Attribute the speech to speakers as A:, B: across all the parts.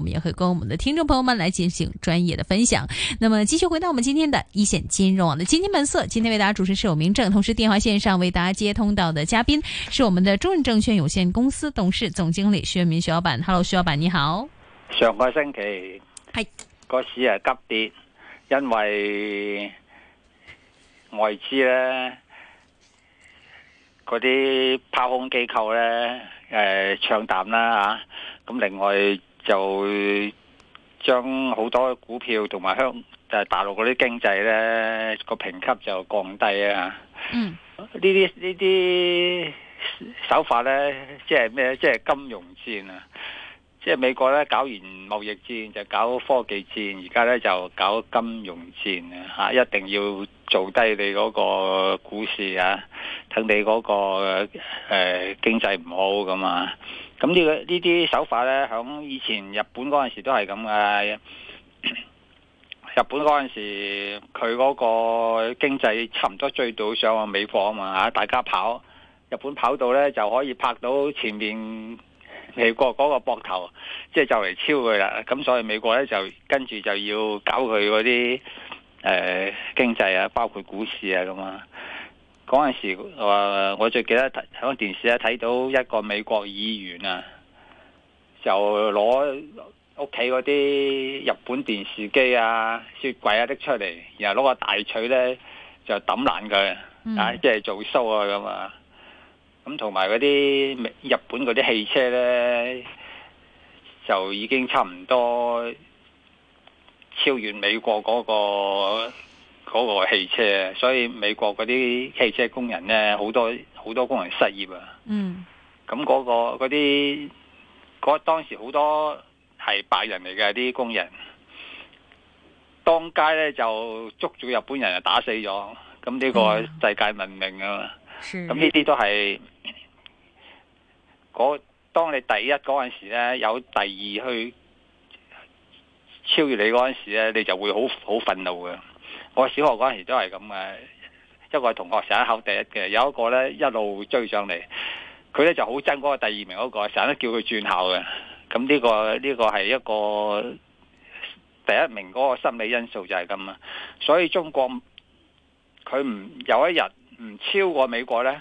A: 我們也會跟我們的聽眾朋友們來進行專業的分享。那麼繼續回到我們今天的一線金融網的基金本色，今天為大家主持是有明正，同時電話線上為大家接通到的嘉賓是我們的中信證券有限公司董事總經理徐潤民徐老闆。Hello，徐老闆你好。
B: 上個星期係個市啊，急跌，因為外資呢嗰啲拋空機構呢，誒、呃、唱淡啦，啊，咁另外。就將好多股票同埋香誒大陸嗰啲經濟咧個評級就降低啊！
C: 嗯，
B: 呢啲呢啲手法咧，即係咩？即係金融戰啊！即係美國咧搞完貿易戰就搞科技戰，而家咧就搞金融戰啊！嚇，一定要做低你嗰個股市啊，趁你嗰、那個誒、呃、經濟唔好咁啊！咁呢、這個呢啲手法咧，響以前日本嗰陣時都係咁嘅。日本嗰陣時，佢嗰個經濟差唔多追到上去美國啊嘛嚇，大家跑，日本跑到咧就可以拍到前面。美國嗰個膊頭，即係就嚟超佢啦，咁所以美國咧就跟住就要搞佢嗰啲誒經濟啊，包括股市啊咁啊。嗰陣時、呃、我最記得喺電視咧睇到一個美國議員啊，就攞屋企嗰啲日本電視機啊、雪櫃啊拎出嚟，然後攞個大錘咧就抌爛佢，即係做 show 啊咁啊。咁同埋嗰啲日本嗰啲汽車呢，就已經差唔多超越美國嗰、嗰個嗰個汽車，所以美國嗰啲汽車工人呢，好多好多工人失業啊。咁嗰、嗯嗰個嗰啲，嗰當時好多係白人嚟嘅啲工人，當街呢就捉住日本人就打死咗。咁呢個世界文明啊！嗯嗯，咁呢啲都係，當你第一陣時咧，有第二去超越你陣時咧，你就會好好憤怒嘅。
A: 我小學陣
B: 時都係咁嘅，一個同學成日考第一嘅，有一個咧一路追上嚟，佢咧就好憎個第二名個，成日都叫佢轉校嘅。咁呢個呢個係一個第一名個心理因素就係咁啊。所以中國佢唔有一日。唔超過美國呢，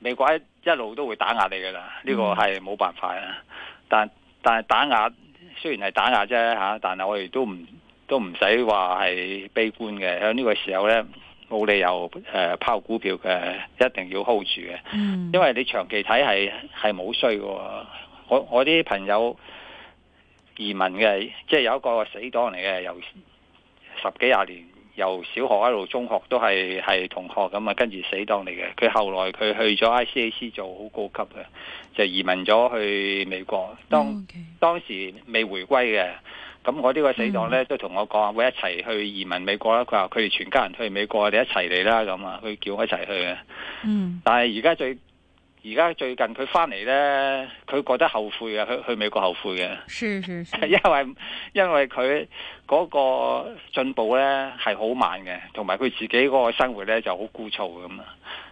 B: 美國一路都會打壓你嘅啦。呢、這個係冇辦法啦。但但係打壓雖然係打壓啫嚇、啊，但係我哋都唔都唔使話係悲觀嘅。喺呢個時候呢，冇理由誒、呃、拋股票嘅，一定要 hold 住嘅。嗯、因為你長期睇係係冇衰嘅喎。我我啲朋友移民嘅，即係有一個死黨嚟嘅，又十幾廿年。由小學一路中學都係係同學咁啊，跟住死黨嚟嘅。佢後來佢去咗 ICAC 做好高級嘅，就移民咗去美國。當 yeah, okay. 當時未回歸嘅，咁我呢個死黨呢，嗯、都同我講，會一齊去移民美國啦。佢話佢哋全家人去美國，我哋一齊嚟啦咁啊，佢叫我一齊去嘅。嗯，但係而家最。而家最近佢翻嚟呢，佢覺得後悔嘅，去去美國後悔嘅是。 因為因為佢嗰個進步呢係好慢嘅，同埋佢自己嗰個生活呢就好枯燥咁啊。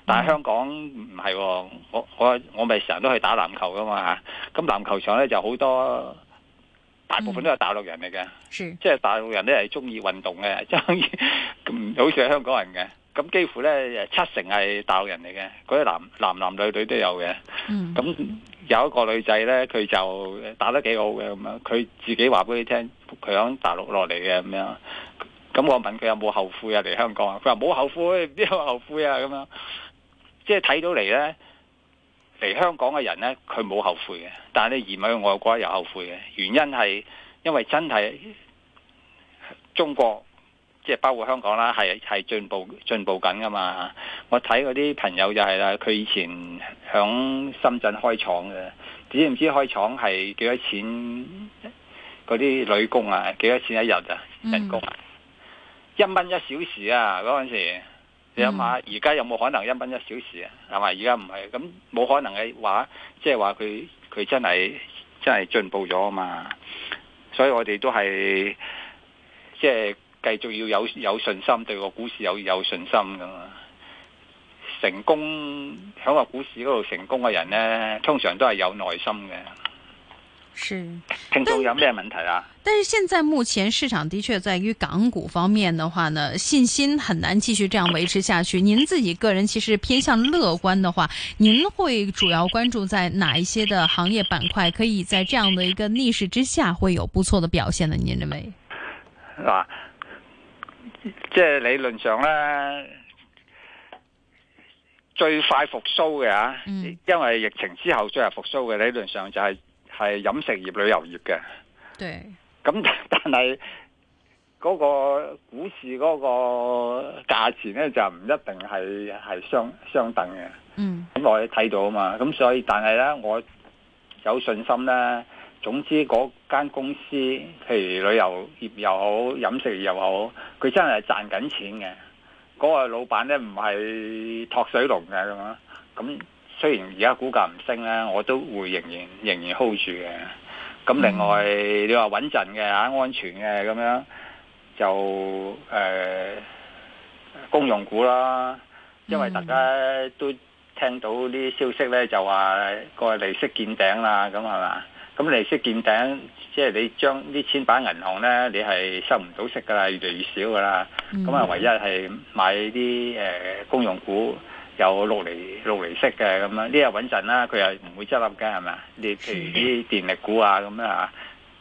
A: 但係香
B: 港唔係，我我我咪成日都係打籃球㗎嘛。咁籃球場呢就好多，大部分都係大陸人嚟嘅。即係是是 大陸人呢係中意運動嘅，即係唔好似係香港人嘅。咁幾乎咧七成係大陸人嚟嘅，嗰啲男男男女女都有嘅。咁、嗯、有一個女仔咧，佢就打得幾好嘅咁樣。佢自己話俾你聽，佢響大陸落嚟嘅咁樣。咁我問佢有冇後悔啊嚟香港？佢話冇後悔，邊有後悔啊咁、啊、樣。即係睇到嚟咧嚟香港嘅人咧，佢冇後悔嘅。但係你移民去外國又後悔嘅，原因係因為真係中國。即係包括香港啦，係係進步進步緊噶嘛？我睇嗰啲朋友就係啦，佢以前響深圳開廠嘅，知唔知開廠係幾多錢？嗰啲女工啊，幾多錢一日啊？人工、啊嗯、一蚊一小時啊！嗰陣時，
C: 你諗下，
B: 而家、嗯、有冇可能一蚊一小時啊？係咪？而家唔係，咁冇可能嘅話，即係話佢佢真係真係進步咗啊嘛！所以我哋都係即係。就是繼續要有有信心，對個股市有有信心噶嘛？成功喺個股市嗰度成功嘅人呢，通常都係有耐心嘅。
C: 是，
B: 聽到有咩問題啦、啊？
A: 但是現在目前市場的確在於港股方面的話呢，信心很難繼續這樣維持下去。您自己個人其實偏向樂觀的話，您會主要關注在哪一些的行業板塊，可以在這樣的一個逆勢之下會有不錯的表現呢？您認為？
B: 啊？即係理論上咧，最快復甦嘅啊，嗯、因為疫情之後最係復甦嘅理論上就係係飲食業、旅遊業嘅。對，咁但係嗰、嗰個股市嗰個價錢咧就唔一定係係相相等嘅。嗯，咁我哋睇到啊嘛，咁所以但係咧我有信心咧。總之，嗰間公司，譬如旅遊業又好，飲食業又好，佢真係賺緊錢嘅。嗰、那個老闆咧唔係托水龍嘅咁啊。咁雖然而家股價唔升咧，我都會仍然仍然 hold 住嘅。咁另外、mm hmm. 你話穩陣嘅啊，安全嘅咁樣就誒、呃、公用股啦，因為大家都聽到啲消息咧，就話個利息見頂啦，咁係嘛？咁利息見頂，即係你將啲錢擺銀行咧，你係收唔到息噶啦，越嚟越少噶啦。
C: 咁啊，唯一
B: 係買啲誒公用股有六厘六釐息嘅咁樣，呢個穩陣啦，佢又唔會執笠嘅係咪啊？你譬如啲電力股啊咁啊，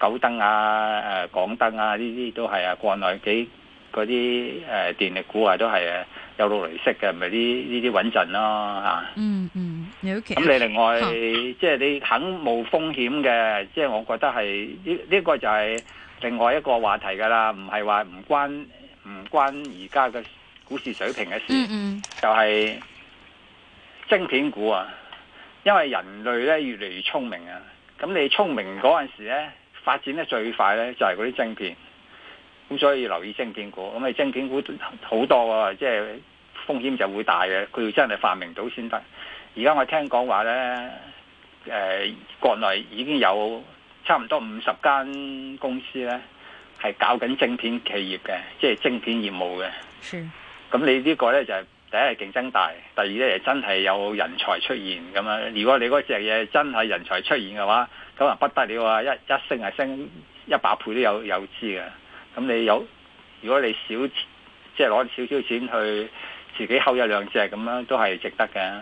B: 九燈啊、誒港燈啊呢啲都係啊，國內幾嗰啲誒電力股啊都係啊，有六厘息嘅，咪啲呢啲穩陣咯嚇。嗯嗯。 咁你另外哼即係你肯冒風險嘅，即係我覺得係呢呢個就係另外一個話題噶啦，唔係話唔關唔關而家嘅股市水平嘅事，嗯嗯就係晶片股啊！因為人類咧越嚟越聰明啊，咁你聰明嗰陣時咧發展得最快咧就係嗰啲晶片，咁所以要留意晶片股。咁你晶片股好多，啊，即係風險就會大嘅。佢要真係發明到先得。而家我聽講話咧，誒、呃、國內已經有差唔多五十間公司咧，係搞緊晶片企業嘅，即係晶片業務嘅。咁是你個呢個咧就係、是、第一係競爭大，第二咧真係有人才出現咁樣。如果你嗰隻嘢真係人才出現嘅話，咁啊不得了啊！一一升係升一百倍都有有知嘅。咁你有，如果你少即係攞少少錢去自己 hold 一兩隻咁樣，都係值得嘅。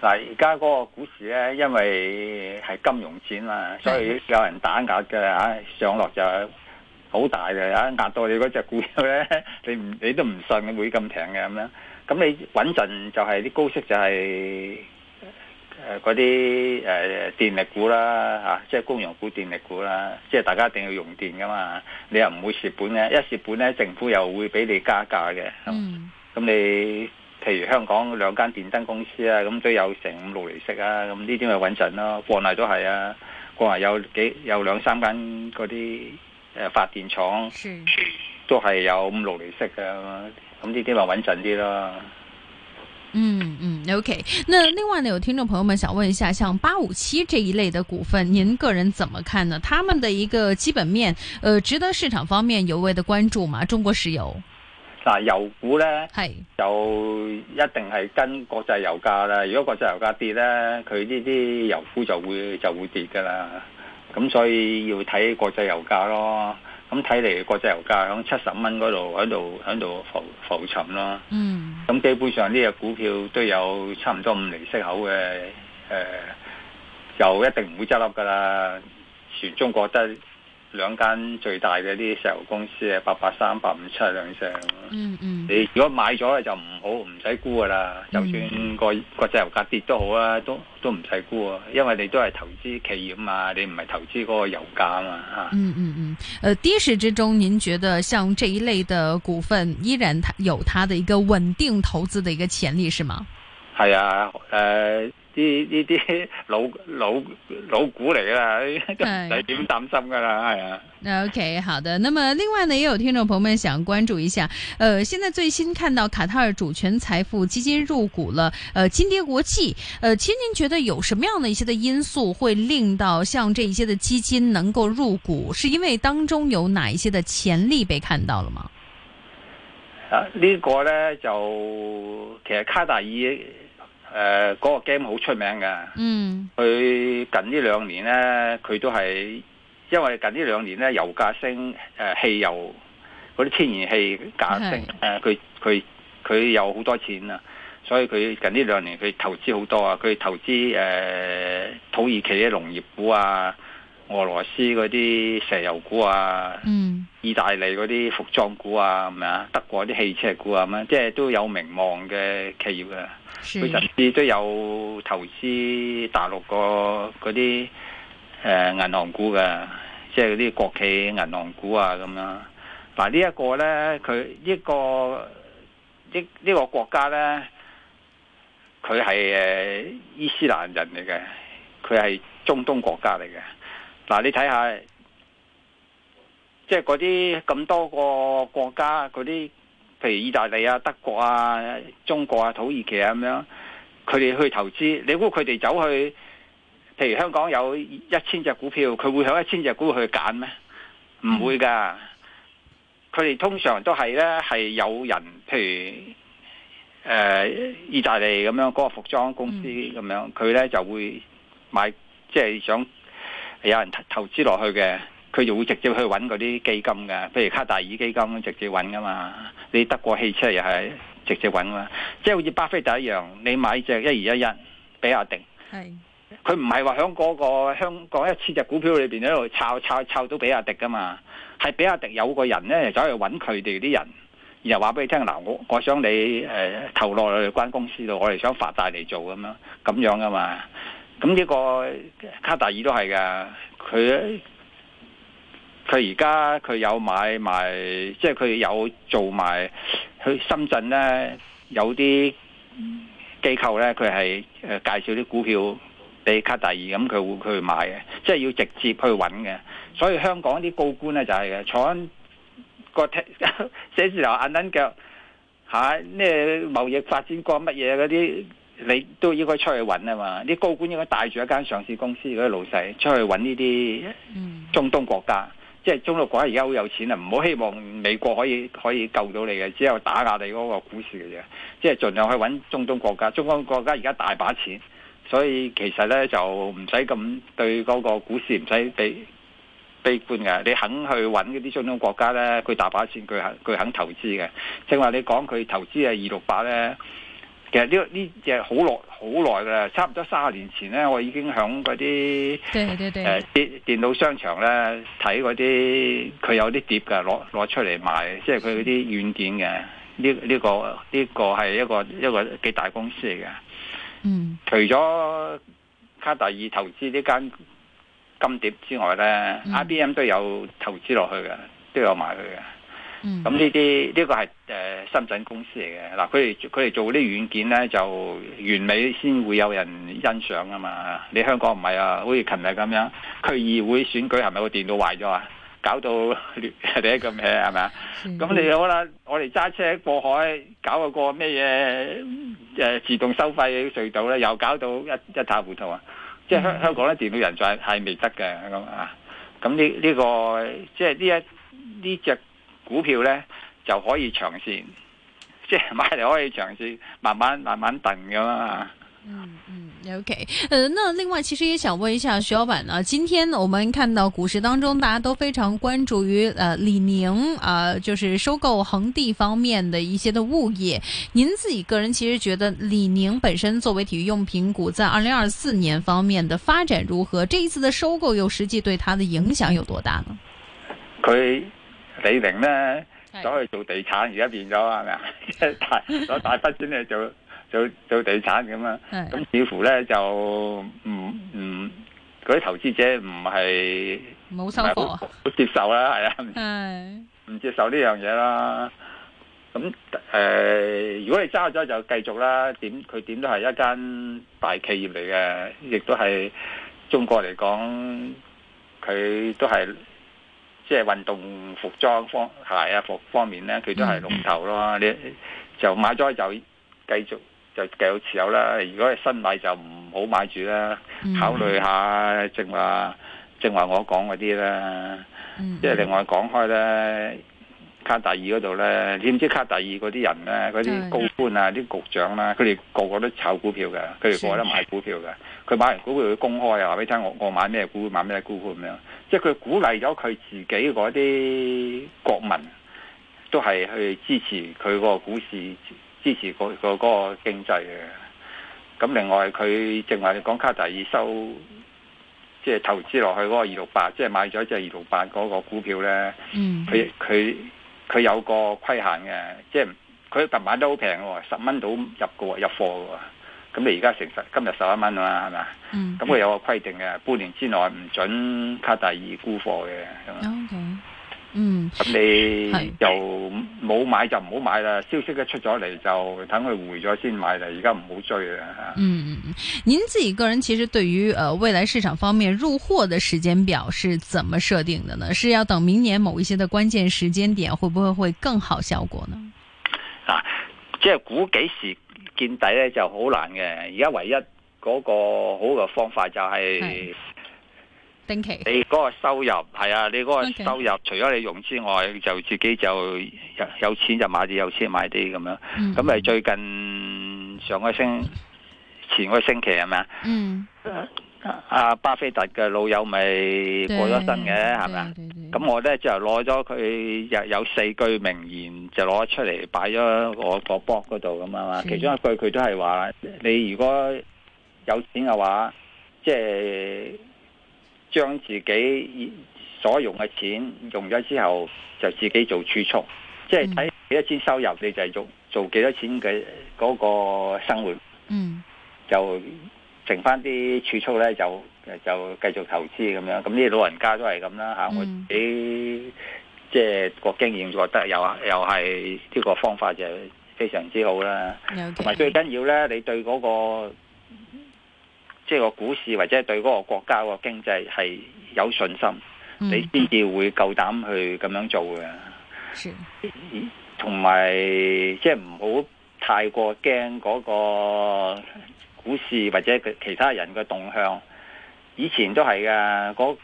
B: 嗱，而家嗰個股市咧，因為係金融戰啊，所以有人打壓嘅嚇、啊、上落就好大嘅嚇、啊，壓到你嗰隻股票咧，你唔你都唔信嘅，會咁平嘅咁樣。咁你穩陣就係、是、啲高息就係誒嗰啲誒電力股啦嚇，即係公用股、電力股啦，啊、即係大家一定要用電噶嘛，你又唔會蝕本嘅，一蝕本咧，政府又會俾你加價嘅。咁你。譬如香港兩間電燈公司啊，咁都有成五六厘息啊，咁呢啲咪穩陣咯。國內都係啊，國內有幾有兩三間嗰啲誒發電廠，是都係有五六厘息嘅，咁呢啲咪穩陣啲咯。嗯
A: 嗯，OK。那另外呢，有聽眾朋友們想問一下，像八五七這一類的股份，您個人怎麼看呢？他們的一個基本面，誒、呃，值得市場方面尤為的關注嗎？中國石油。
B: 嗱，油股咧是就一定係跟國際油價咧。如果國際油價跌咧，佢呢啲油股就會就會跌噶啦。咁所以要睇國際油價咯。咁睇嚟，國際油價響七十蚊嗰度喺度喺度浮浮沉咯。嗯。咁基本上呢隻股票都有差唔多五厘息口嘅，誒、呃，就一定唔會執笠噶啦。全中國得。兩間最大嘅啲石油公司啊，八八三、八五七兩成。嗯嗯，你如果買咗咧就唔好，唔使估噶啦，就算，嗯、個國際油價跌都好啊，都都唔使估啊，因為你都係投資企業嘛，你唔係投資嗰個油價嘛啊嘛吓，嗯。嗯
A: 嗯嗯，誒、呃，跌市之中，您覺得像這一類嘅股份，依然有它的一個穩定投資嘅一個潛力，是嗎？
B: 係啊，誒、呃。呢啲老老老股嚟噶啦，你點擔心噶啦？
A: 係啊。OK，好的。那麼另外呢，也有聽眾朋友們想關注一下，呃，現在最新看到卡塔爾主權財富基金入股了，呃，金蝶國際。呃，其實您覺得有什麼樣的一些的因素會令到像這一些的基金能夠入股？是因為當中有哪一些的潛力被看到了嗎？啊，呢個
B: 呢，就其實卡塔爾。誒，嗰、呃嗰個 game 好出名嘅，佢、嗯、近呢兩年咧，佢都係因為近呢兩年咧，油價升，誒、呃，汽油嗰啲天然氣價升，誒是，佢佢佢有好多錢啊，所以佢近呢兩年佢投資好多啊，佢投資誒、呃、土耳其嘅農業股啊。俄羅斯嗰啲石油股啊，
C: 嗯、
B: 意大利嗰啲服裝股啊，咁樣，德國啲汽車股啊，咁樣，即、就、係、是、都有名望嘅企業嘅、啊，佢甚至都有投資大陸個嗰啲誒銀行股嘅、啊，即係嗰啲國企銀行股啊咁樣。嗱呢一個呢，佢呢、呢個呢呢、呢個國家呢，佢係誒伊斯蘭人嚟嘅，佢係中東國家嚟嘅。嗱，你睇下，即係嗰啲咁多個國家，嗰啲譬如意大利啊、德國啊、中國啊、土耳其啊咁樣，佢哋去投資，你估佢哋走去譬如香港有一千隻股票，佢會響一千隻股去揀咩？
C: 唔會
B: 㗎，佢哋通常都係呢係有人譬如誒意大利咁樣嗰個服裝公司咁樣，佢呢就會買，即係想。有人投投資落去嘅，佢就會直接去揾嗰啲基金嘅，譬如卡大耳基金直接揾噶嘛。你德國汽車又係直接揾嘛。即係好似巴菲特一樣，你買隻一二一一比亞迪，係佢唔係話響嗰個香港一千隻股票裏邊喺度炒炒炒到比亞迪噶嘛，係比亞迪有個人咧走去揾佢哋啲人，然後話俾你聽嗱、呃，我我想你誒、呃、投落去關公司度，我哋想發大嚟做咁樣咁樣噶嘛。咁呢個卡達爾都係嘅，佢佢而家佢有買埋，即係佢有做埋去深圳咧，有啲機構咧，佢係誒介紹啲股票俾卡達爾、嗯，咁佢佢會去買嘅，即係要直接去揾嘅。所以香港啲高官咧就係嘅，坐緊、嗰個踢 寫字樓，硬蹬腳，嚇、啊、咩貿易發展過乜嘢嗰啲？你都應該出去揾啊嘛！啲高官應該帶住一間上市公司嗰啲老細出去揾呢啲中東國家，即係中東國家而家好有錢啊！唔好希望美國可以可以救到你嘅，只有打壓你嗰個股市嘅啫。即係盡量去揾中東國家，中東國家而家大把錢，所以其實呢就唔使咁對嗰個股市唔使畀悲觀嘅。你肯去揾嗰啲中東國家呢，佢大把錢，佢肯佢肯投資嘅。正話你講佢投資係二六八呢。其實呢呢隻好耐好耐噶啦，差唔多三十年前咧，我已經響嗰啲誒啲電腦商場咧睇嗰啲，佢有啲碟嘅，攞攞出嚟賣，即係佢嗰啲軟件嘅。呢、呢、呢個呢、呢個係一個一個幾大公司嚟嘅。嗯。除咗卡特爾投資呢間金碟之外咧、嗯、，IBM 都有投資落去嘅，都有賣佢嘅。咁呢啲呢個係誒深圳公司嚟嘅嗱，佢哋佢哋做啲軟件咧就完美先會有人欣賞啊嘛！你香港唔係啊，好似琴日咁樣，區議會選舉係咪個電腦壞咗啊？搞到 你一個咩係咪啊？咁你好啦，我哋揸車過海搞個個咩嘢誒自動收費隧道咧，又搞到一一塌糊塗啊！即係香香港咧，電腦人才係未得嘅咁啊！咁呢呢個即係呢一呢隻。Afe, 這個タイタイタイ股票呢就可以長線，即係買嚟可以長線，慢慢慢慢掟㗎啦。嗯嗯
A: ，OK。呃，那另外，其實也想問一下徐老闆啊，今天我們看到股市當中，大家都非常關注於呃李寧啊、呃，就是收購恒地方面的一些的物業。您自己個人其實覺得李寧本身作為體育用品股，在二零二四年方面的發展如何？這一次的收購又實際對他的影響有多大呢？
B: 佢。李寧咧，走去的做地產，而家變咗係咪啊？攞 大筆錢嚟做做做地產咁啊！咁的似乎咧就唔唔，啲投資者唔係冇收貨啊，接受,的接受啦，係啊，唔接受呢樣嘢啦。咁誒，如果你揸咗就繼續啦。點佢點都係一間大企業嚟嘅，亦都係中國嚟講，佢都係。即係運動服裝方鞋啊服方面咧，佢都係龍頭咯。Mm hmm. 你就買咗就繼續就繼續持有啦。如果係新買就唔好買住啦，
C: 考慮下
B: 正話正話我講嗰啲啦。即係、mm hmm. 另外講開咧。卡第二嗰度咧，你唔知卡第二嗰啲人呢？嗰啲高官啊，啲局長啦、啊，佢哋個個都炒股票嘅，佢哋個個都買股票嘅，佢買完股票會公開啊，話俾你聽我我買咩股，買咩股咁樣，即係佢鼓勵咗佢自己嗰啲國民，都係去支持佢個股市，支持嗰嗰嗰個經濟嘅。咁另外佢淨係講卡第二收，即、就、係、是、投資落去嗰個二六八，即係買咗隻二六八嗰個股票呢。佢佢、嗯。佢有個規限嘅，即係佢特買都好平喎，十蚊到入嘅喎，入貨嘅喎。咁你而家成十，今日十 mm hmm. 一蚊啦，係咪啊？咁佢有個規定嘅，半年之內唔準卡第二沽貨嘅。O K。Okay. 嗯，咁你就冇買就唔好買啦。消息一出咗嚟就等佢回咗先買啦。而家唔好追啦！嗯嗯嗯，
A: 您自己個人其實對於誒、呃、未來市場方面入貨嘅時間表是怎麼設定的呢？是要等明年某一些的關鍵時間點，會不會會更好效果呢？
B: 啊，即係估幾時見底咧就好難嘅。而家唯一嗰個好嘅方法就係、嗯。定期，你嗰個收入係啊！你嗰個收入 Okay. 除咗你用之外，就自己就有有錢就買啲，有錢買啲咁樣。咁咪、mm hmm. 最近上個星前個星期係咪、mm hmm. 啊？嗯，阿巴菲特嘅老友咪過咗身嘅係咪啊？咁我咧就攞咗佢有有四句名言就攞出嚟擺咗我個 box 嗰度，咁啊嘛。樣是其中一句佢都係話：你如果有錢嘅話，即係。將自己所用嘅錢用咗之後，就自己做儲蓄，即係睇幾多錢收入，你就用做幾多錢嘅嗰個生活，就剩翻啲儲蓄咧，就就繼續投資咁樣。咁呢啲老人家都係咁啦，吓我自己即係個經驗就覺得又又係呢個方法就非常之好啦。
C: 同埋最
B: 緊要咧，你對嗰個。即係個股市或者對嗰個國家個經濟係有信心，嗯、
C: 你先
B: 至會夠膽去咁樣做嘅。同埋即係唔好太過驚嗰個股市或者其他人嘅動向。以前都係㗎、那個，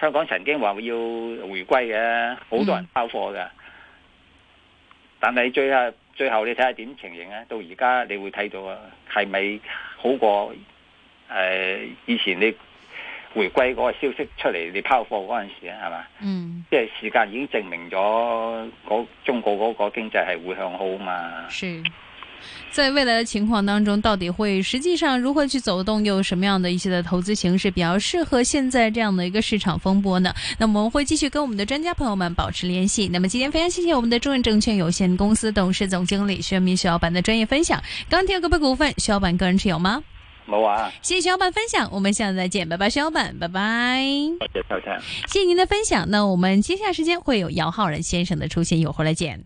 B: 香港曾經話要回歸嘅，好多人拋貨嘅。嗯、但係最後最後你睇下點情形咧？到而家你會睇到呀，係咪好過？誒、呃，以前你回歸嗰個消息出嚟，你拋貨嗰陣時啊，係嘛？嗯，即係時間已經證明咗，嗰中國嗰個經濟係會向好嘛。是，
A: 在未來的情況當中，到底會實際上如何去走動？又有什麼樣的一些的投資形式比較適合現在這樣的一個市場風波呢？那麼我們會繼續跟我們的專家朋友們保持聯繫。那麼今天非常謝謝我們的中信證券有限公司董事總經理徐潤民徐老闆的專業分享。鋼鐵股份徐老板個人持有嗎？冇啊！謝謝小伙伴分享，我們下次再見，拜拜，小伙伴，拜拜。謝謝您的分享。那我們接下時間會有姚浩然先生的出現，一會返嚟見。